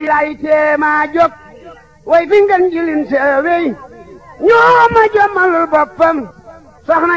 lay way fi ngeen jilin seewey ñoo ma jommalul boppam soxna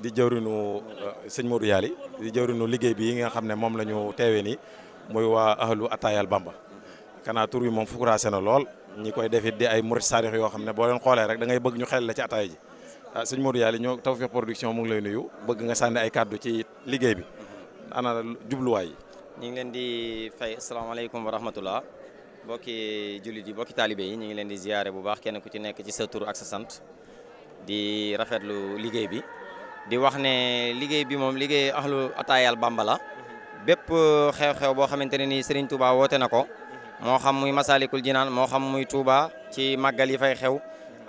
di jëwrinu euh, sëñ Modou Yaali di jëwrinu liggéey bi yi nga xam ne moom la ñu teewee nii muy waa ahlu Atayal Bamba kanaa tur wi moom fukuraase na lool ñi koy defit di ay murit saarix yoo xam ne boo leen xoolee rek dangay ngay bëgg ñu xel la ci ataaya ji ah sëñ Modou Yaali ñoo Tawfekh Production mu ngi lay nuyu bëgg nga sànni ay kàddu ci liggéey bi ana jubluwaay yi ñu ngi leen di fay asalaamaaleykum wa rahmatullah bokki jullit yi bokki taalibe yi ñu ngi leen di ziyaare bu baax kenn ku ci nekk ci sa tur ak sa sant di rafetlu liggéey bi di wax ne liggéey bi moom liggéey ahlu ataayal bamba la bépp euh, xew-xew boo xamante ne nii Serigne Touba woote na ko moo xam muy Masalikul Jinaan moo xam muy Touba ci màggal yi fay xew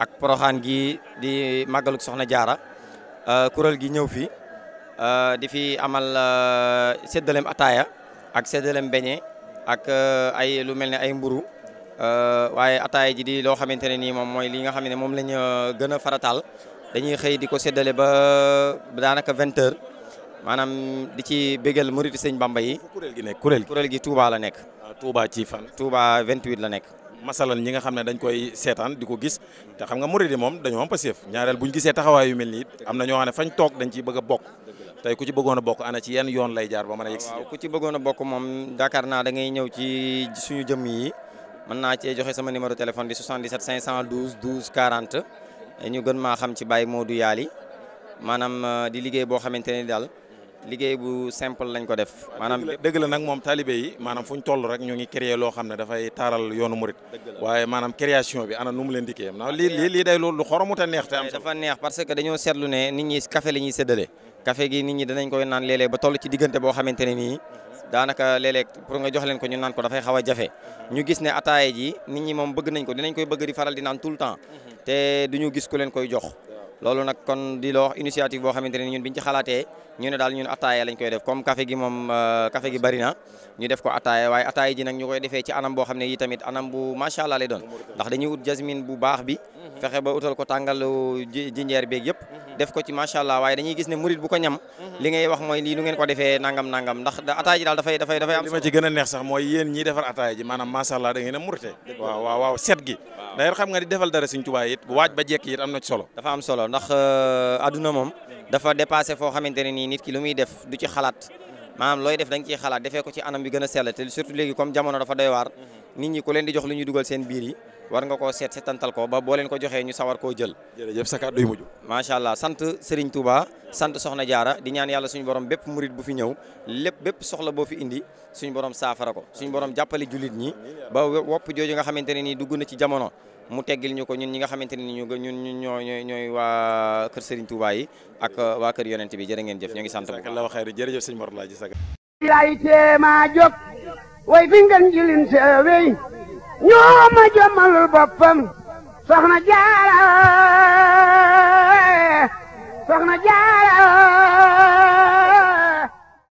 ak poroxaan gi di màggaluk soxna jaara euh, kuréel gi ñëw fi euh, di fi amal séddaleem ataaya ak séddaleem beñe ak ay lu mel ne ay mburu waaye ataaya ji di loo xamante ne nii moom mooy li nga xam ne moom lañu gën a farataal dañuy xëy di ko séddale ba daanaka vingt heures maanaam di ci bégal murit sëñ Bamba yi. kuréel gi nekk gi kuréel la nekk. Ah, Touba ci fan. Touba 28 la nekk. masalan ñi nga xam ne dañ koy seetaan di ko gis te xam nga murid yi moom dañoo am pasif ñaareel bu gisee taxawaay yu mel nii am na ñoo xam ne fañ toog dañ ciy bëgg bokk tey ku ci bëggoon a bokk ana ci yan yoon lay jaar ba mën a si ku ci bëggoon a bokk moom Dakar naa da ñëw ci suñu jëm yi mën naa cee joxe sama numéro téléphone di 77 512 12 ñu gën maa xam ci Baye Modou Yaali maanaam euh, di liggéey boo xamante ni daal liggéey bu simple lañ ko def. maanaam dëgg la nag moom taalibe maanaam fu ñu toll rek ñu ngi créer loo xam ne dafay taaral yoonu murit. waaye maanaam création bi ana nu mu leen dikkee am na lii lii day loolu lu xoromu te neex te am. dafa neex parce que dañoo seetlu ne nit ñi café la ñuy séddale. café gi nit ñi danañ koy naan léeg ba toll ci diggante boo xamante nii daanaka léeg-léeg pour nga jox leen ko ñu naan ko dafay xaw a jafe ñu gis ne ataaya ji nit ñi moom bëgg nañ ko dinañ koy bëgg di faral di naan tout le temps mhm. te duñu gis ku leen koy jox loolu nag kon di loo wax initiative boo xamante ne ñun biñ ci xalaatee ñu ne daal ñun ataaya lañ koy def comme café gi moom euh, café gi bari na def ko ataaya waaye ataaya ji nag ñu koy defee ci anam boo xam ne yi tamit anam bu macha allah lay doon baax bi fexe ba utal ko tàngalu jinjeer beeg yëpp ko ci macha allah waaye dañuy gis ne murit ko ñam li wax mooy lii nu ngeen ko defee nangam nangam ndax daal dafay am a neex sax mooy yéen a murite waaw waaw waaw set gi d'ailleurs xam nga defal dara Sëriñ Tuubaa it waaj ba jekk it solo dafa am solo ndax adduna euh, moom dafa dépassé foo xamante ne nii nit ki lu muy def du ci xalaat maanaam looy def da nga ciy xalaat defee ko ci anam bi gën a te surtout léegi comme jamono dafa doy waar nit ñi ku leen di jox lu ñuy dugal seen biir yi war nga koo seet seetantal ko ba boo leen ko joxee ñu sawar koo jël. jërëjëf sa kàddu yu mujj. macha allah sant Serigne Touba sant Soxna Jaara di ñaan yàlla suñu borom bépp murit bu fi ñëw lépp bépp soxla boo fi indi suñu borom saafara ko suñu borom jàppale jullit ñi ba wopp jooju nga xamante ne nii dugg na ci jamono mu teggil ñu ko ñun ñi nga xamante ne ñu ñun ñoo ñooy waa kër Serigne Touba ak waa kër yonent bi jërë ngeen jëf ñoo ngi sant bu baax jërëjëf sëñ Mor Laji Saga lay teema jóg way fi ngeen jilin seewey ñoo ma jëmalul boppam soxna jaara soxna jaara